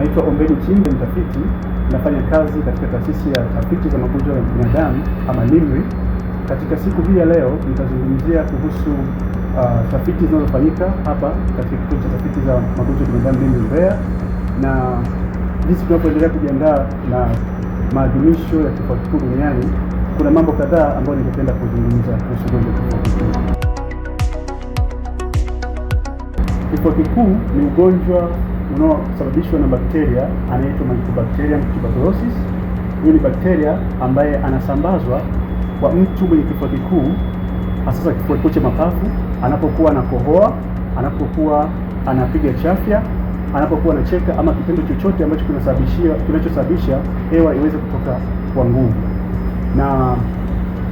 Naitwa Ombeni Chimbe, mtafiti. Nafanya kazi katika taasisi ya tafiti za magonjwa ya binadamu ama NIMRI. Katika siku hii ya leo nitazungumzia kuhusu uh, tafiti zinazofanyika hapa katika kituo cha tafiti za magonjwa ya binadamu NIMRI Mbeya na jinsi tunapoendelea kujiandaa na maadhimisho ya kifua kikuu duniani. Kuna mambo kadhaa ambayo ningependa kuzungumza kuhusu ugonjwa wa kifua kikuu. Kifua kikuu ni ugonjwa unaosababishwa na bakteria anaitwa Mycobacterium tuberculosis. Huyu ni bakteria ambaye anasambazwa kwa mtu mwenye kifua kikuu, hasa kifua kikuu cha mapafu, anapokuwa anakohoa, anapokuwa anapiga chafya, anapokuwa anacheka, ama kitendo chochote ambacho kinasababishia kinachosababisha hewa iweze kutoka kwa nguvu. Na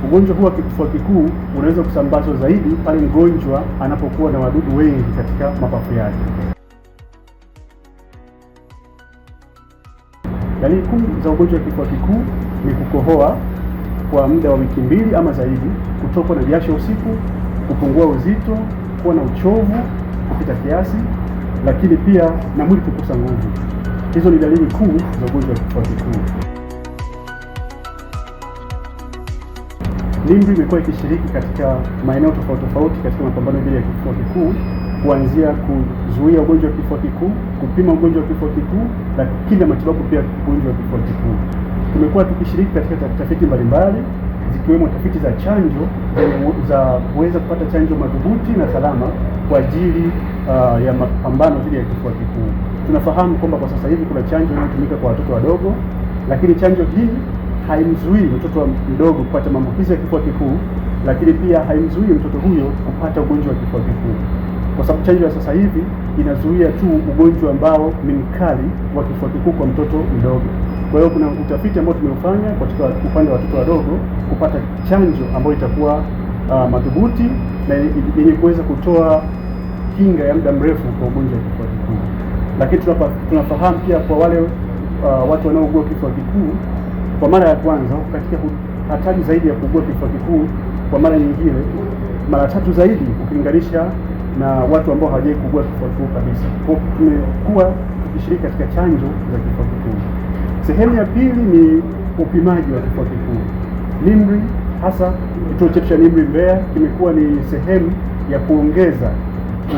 ugonjwa huu wa kifua kikuu unaweza kusambazwa zaidi pale mgonjwa anapokuwa na wadudu wengi katika mapafu yake. Dalili kuu za ugonjwa wa kifua kikuu ni kukohoa kwa muda wa wiki mbili ama zaidi, kutokwa na jasho usiku, kupungua uzito, kuwa na uchovu kupita kiasi, lakini pia na mwili kukosa nguvu. Hizo ni dalili kuu za ugonjwa wa kifua kikuu. NIMR imekuwa ikishiriki katika maeneo tofauti tofauti katika mapambano dhidi ya kifua kikuu kuanzia kuzuia ugonjwa wa kifua kikuu, kupima ugonjwa wa kifua kikuu, lakini na matibabu pia ugonjwa wa kifua kikuu. Tumekuwa tukishiriki katika tafiti mbalimbali zikiwemo tafiti za chanjo za kuweza kupata chanjo madhubuti na salama kwa ajili uh, ya mapambano dhidi ya kifua kikuu. Tunafahamu kwamba kwa sasa hivi kuna chanjo inayotumika kwa watoto wadogo, lakini chanjo hii haimzuii mtoto mdogo kupata maambukizi ya kifua kikuu, lakini pia haimzuii mtoto huyo kupata ugonjwa wa kifua kikuu kwa sababu chanjo ya sasa hivi inazuia tu ugonjwa ambao ni mkali wa kifua kikuu kwa mtoto mdogo. Kwa hiyo kuna utafiti ambao tumeufanya katika upande wa watoto wadogo kupata chanjo ambayo itakuwa uh, madhubuti na yenye kuweza kutoa kinga ya muda mrefu kwa ugonjwa wa kifua kikuu. Lakini tunafahamu pia kwa wale uh, watu wanaougua kifua kikuu kwa mara ya kwanza katika hatari zaidi ya kuugua kifua kikuu kwa mara nyingine mara tatu zaidi ukilinganisha na watu ambao hawajai kuugua kifua kabisa. Kwa tumekuwa tukishiriki katika chanjo za kifua kikuu. Sehemu ya pili ni upimaji wa kifua kikuu. NIMRI hasa kituo chetu cha NIMRI Mbeya kimekuwa ni sehemu ya kuongeza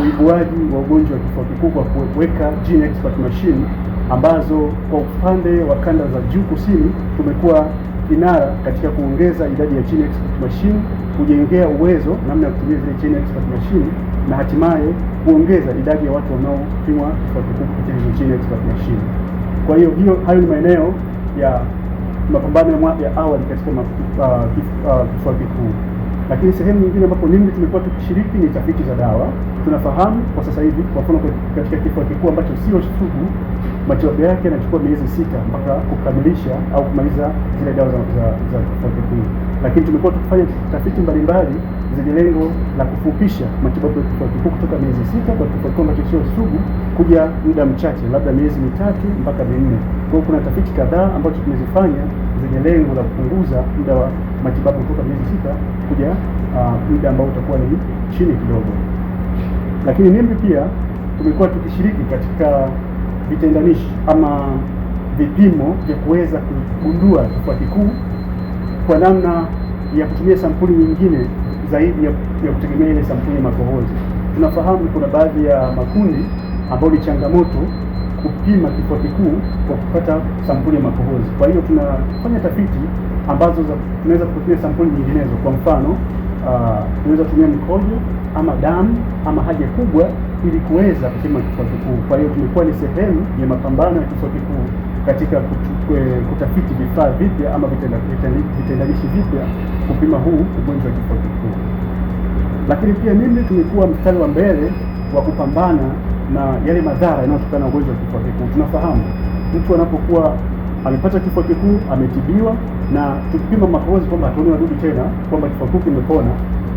uibuaji wa ugonjwa wa kifua kikuu kwa kuweka gene expert machine ambazo kwa upande wa kanda za juu kusini tumekuwa kinara katika kuongeza idadi ya gene expert machine, kujengea uwezo namna ya kutumia zile gene expert machine na hatimaye kuongeza idadi ya watu wanaopimwa kifua kubwa kupitia hizo gene expert machine. Kwa hiyo hiyo hayo ni maeneo ya mapambano ya awali katika uh, uh, kifua kikuu, lakini sehemu nyingine ambapo nyingi tumekuwa tukishiriki ni tafiti za dawa. Tunafahamu kwa sasa hivi, kwa mfano, katika kifua kikuu ambacho sio sugu, matibabu yake yanachukua miezi sita mpaka kukamilisha au kumaliza zile dawa za, za kifua kikuu lakini tumekuwa tukifanya tafiti mbalimbali zenye lengo la kufupisha matibabu ya kifua kikuu kutoka miezi sita kwa kifua kikuu ambacho sio sugu kuja muda mchache, labda miezi mitatu mpaka minne. Kwa hiyo kuna tafiti kadhaa ambazo tumezifanya zenye lengo la kupunguza muda wa matibabu kutoka miezi sita kuja uh, ambao utakuwa ni chini kidogo. Lakini mimi pia tumekuwa tukishiriki katika vitendanishi ama vipimo vya kuweza kugundua kifua kikuu kwa namna ya kutumia sampuli nyingine zaidi ya, ya kutegemea ile sampuli ya makohozi. Tunafahamu kuna baadhi ya makundi ambayo ni changamoto kupima kifua kikuu kwa kupata sampuli ya makohozi. Kwa hiyo tunafanya tafiti ambazo tunaweza kutumia sampuli nyinginezo, kwa mfano ah, tunaweza uh, kutumia mkojo ama damu ama haja kubwa ili kuweza kupima kifua kikuu. Kwa hiyo tumekuwa ni sehemu ya mapambano ya kifua kikuu katika kutafiti vifaa vipya ama vitendanishi vipya kupima huu ugonjwa wa kifua kikuu. Lakini pia mimi tumekuwa mstari wa mbele wa kupambana na yale madhara yanayotokana na ugonjwa wa kifua kikuu. Tunafahamu mtu anapokuwa amepata kifua kikuu ametibiwa, na tukipima makohozi kwamba hatuoni wadudu tena, kwamba kifua kikuu kimepona,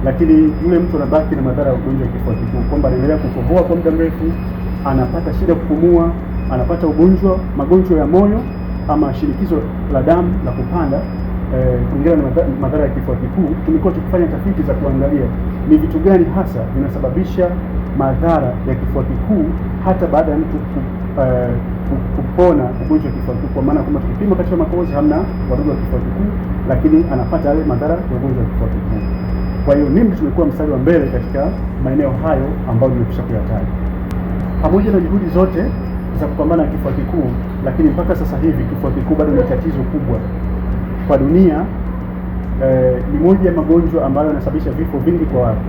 lakini yule mtu anabaki na madhara ya ugonjwa wa kifua kikuu, kwamba anaendelea kukohoa kwa muda mrefu, anapata shida kupumua anapata ugonjwa, magonjwa ya moyo ama shinikizo la damu la kupanda kuingia eh, na madhara ya kifua kikuu. Tumekuwa tukifanya tafiti za kuangalia ni vitu gani hasa vinasababisha madhara ya kifua kikuu hata baada ya mtu eh, kupona ugonjwa wa kifua kikuu, kwa maana kwamba tukipima katika makohozi hamna wadudu wa kifua kikuu, lakini anapata yale madhara ya ugonjwa wa kifua kikuu. Kwa hiyo NIMR tumekuwa mstari wa mbele katika maeneo hayo ambayo nimekwisha kuyataja, pamoja na juhudi zote za kupambana na kifua kikuu, lakini mpaka sasa hivi kifua kikuu bado ni tatizo kubwa kwa dunia. Ni eh, ni moja ya magonjwa ambayo yanasababisha vifo vingi kwa watu.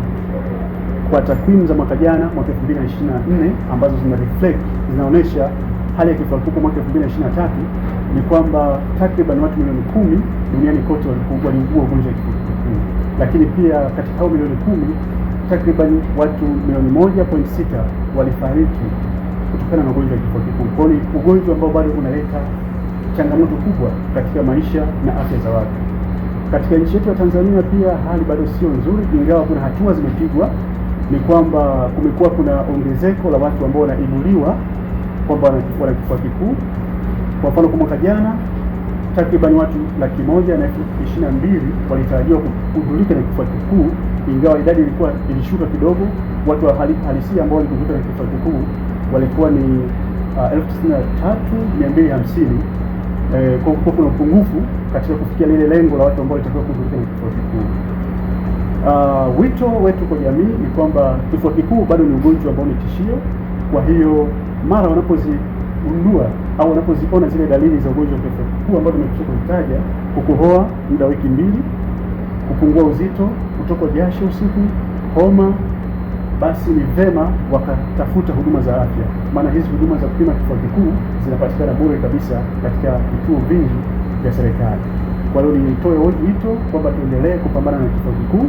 Kwa takwimu za mwaka jana mwaka 2024 ambazo zina reflect zinaonyesha hali ya kifua kikuu mwaka 2023 ni kwamba takriban watu milioni kumi duniani kote waliugua ugonjwa wa kifua kikuu, lakini pia katika hao milioni kumi takriban watu milioni 1.6 walifariki kutokana na ugonjwa wa kifua kikuu. Kwa hiyo ugonjwa ambao bado unaleta changamoto kubwa katika maisha na afya za watu. Katika nchi yetu ya Tanzania pia hali bado sio nzuri, ingawa kuna hatua zimepigwa. Ni kwamba kumekuwa kuna ongezeko la watu ambao wanaibuliwa kwamba wana kifua kikuu. Kwa mfano, kwa mwaka jana takriban watu laki moja na elfu ishirini na mbili walitarajiwa kugundulika na kifua kikuu, ingawa idadi ilikuwa ilishuka kidogo. Watu wa hali halisia ambao waligundulika na kifua kikuu walikuwa ni uh, elfu tisini na tatu mia mbili hamsini eh, kwa kuwa kuna upungufu katika kufikia lile lengo la watu ambao walitakiwa kuhudhuria kifua kikuu. Uh, wito wetu kwa jamii ni kwamba kifua kikuu bado ni ugonjwa ambao ni tishio. Kwa hiyo mara wanapozigundua au wanapoziona zile dalili za ugonjwa wa kifua kikuu ambao nimekwisha kuzitaja, kukohoa muda wiki mbili, kupungua uzito, kutokwa jasho usiku, homa basi ni vema wakatafuta huduma za afya, maana hizi huduma za kupima kifua kikuu zinapatikana bure kabisa katika vituo vingi vya serikali. Kwa hiyo nitoe wito kwamba tuendelee kupambana na kifua kikuu,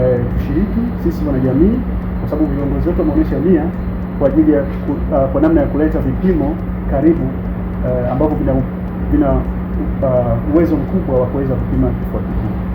eh, tushiriki sisi wanajamii, kwa sababu viongozi wetu wameonyesha nia kwa ajili ya ku, uh, kwa namna ya kuleta vipimo karibu uh, ambavyo vina vina uh, uwezo mkubwa wa kuweza kupima kifua kikuu.